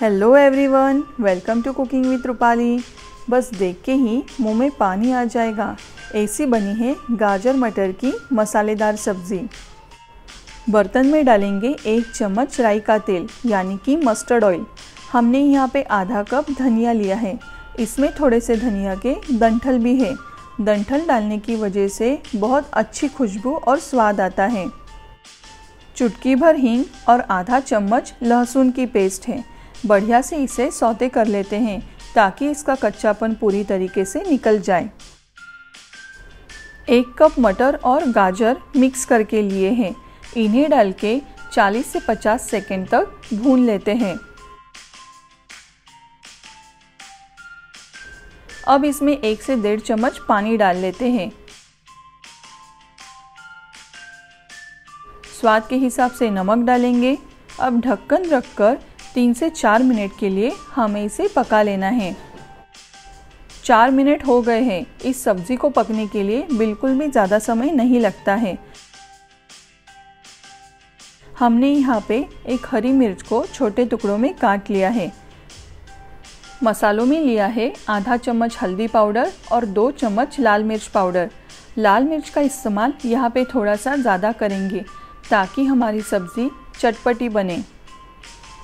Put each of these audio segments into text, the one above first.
hello everyone welcome to cooking with Rupali बस देख के ही मुंह में पानी आ जाएगा ऐसी बनी है गाजर मटर की मसालेदार सब्ज़ी बर्तन में डालेंगे एक चम्मच राई का तेल यानी कि मस्टर्ड ऑयल हमने यहाँ पे आधा कप धनिया लिया है इसमें थोड़े से धनिया के दंठल भी है दंठल डालने की वजह से बहुत अच्छी खुशबू और स्वाद आता है चुटकी भर हींग और आधा चम्मच लहसुन की पेस्ट है बढ़िया से इसे सौते कर लेते हैं ताकि इसका कच्चापन पूरी तरीके से निकल जाए एक कप मटर और गाजर मिक्स करके लिए हैं इन्हें डाल के 40 से 50 सेकेंड तक भून लेते हैं अब इसमें एक से डेढ़ चम्मच पानी डाल लेते हैं स्वाद के हिसाब से नमक डालेंगे अब ढक्कन रखकर तीन से चार मिनट के लिए हमें इसे पका लेना है चार मिनट हो गए हैं इस सब्ज़ी को पकने के लिए बिल्कुल भी ज़्यादा समय नहीं लगता है हमने यहाँ पे एक हरी मिर्च को छोटे टुकड़ों में काट लिया है मसालों में लिया है आधा चम्मच हल्दी पाउडर और दो चम्मच लाल मिर्च पाउडर लाल मिर्च का इस्तेमाल यहाँ पे थोड़ा सा ज़्यादा करेंगे ताकि हमारी सब्ज़ी चटपटी बने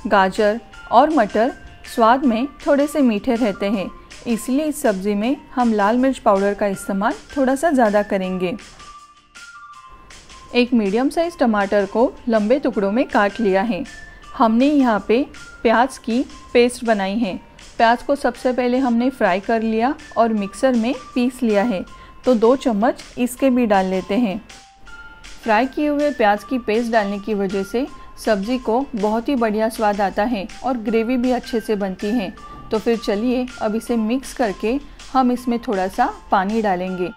गाजर और मटर स्वाद में थोड़े से मीठे रहते हैं इसलिए इस सब्ज़ी में हम लाल मिर्च पाउडर का इस्तेमाल थोड़ा सा ज़्यादा करेंगे एक मीडियम साइज़ टमाटर को लंबे टुकड़ों में काट लिया है हमने यहाँ पे प्याज की पेस्ट बनाई है प्याज को सबसे पहले हमने फ्राई कर लिया और मिक्सर में पीस लिया है तो दो चम्मच इसके भी डाल लेते हैं फ्राई किए हुए प्याज की पेस्ट डालने की वजह से सब्जी को बहुत ही बढ़िया स्वाद आता है और ग्रेवी भी अच्छे से बनती है तो फिर चलिए अब इसे मिक्स करके हम इसमें थोड़ा सा पानी डालेंगे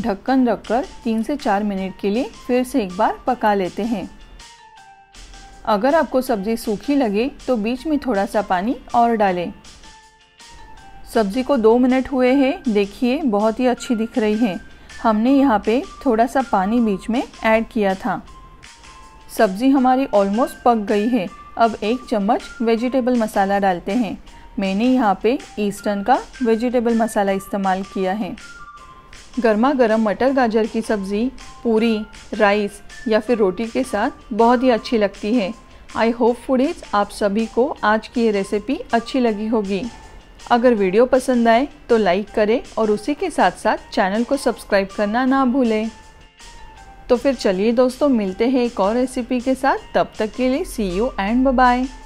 ढक्कन रखकर तीन से चार मिनट के लिए फिर से एक बार पका लेते हैं अगर आपको सब्ज़ी सूखी लगे तो बीच में थोड़ा सा पानी और डालें सब्ज़ी को दो मिनट हुए हैं देखिए बहुत ही अच्छी दिख रही है हमने यहाँ पे थोड़ा सा पानी बीच में ऐड किया था सब्ज़ी हमारी ऑलमोस्ट पक गई है अब एक चम्मच वेजिटेबल मसाला डालते हैं मैंने यहाँ पे ईस्टर्न का वेजिटेबल मसाला इस्तेमाल किया है गर्मा गर्म मटर गाजर की सब्ज़ी पूरी राइस या फिर रोटी के साथ बहुत ही अच्छी लगती है आई होप फूडीज आप सभी को आज की ये रेसिपी अच्छी लगी होगी अगर वीडियो पसंद आए तो लाइक करें और उसी के साथ साथ चैनल को सब्सक्राइब करना ना भूलें तो फिर चलिए दोस्तों मिलते हैं एक और रेसिपी के साथ तब तक के लिए सी यू एंड बाय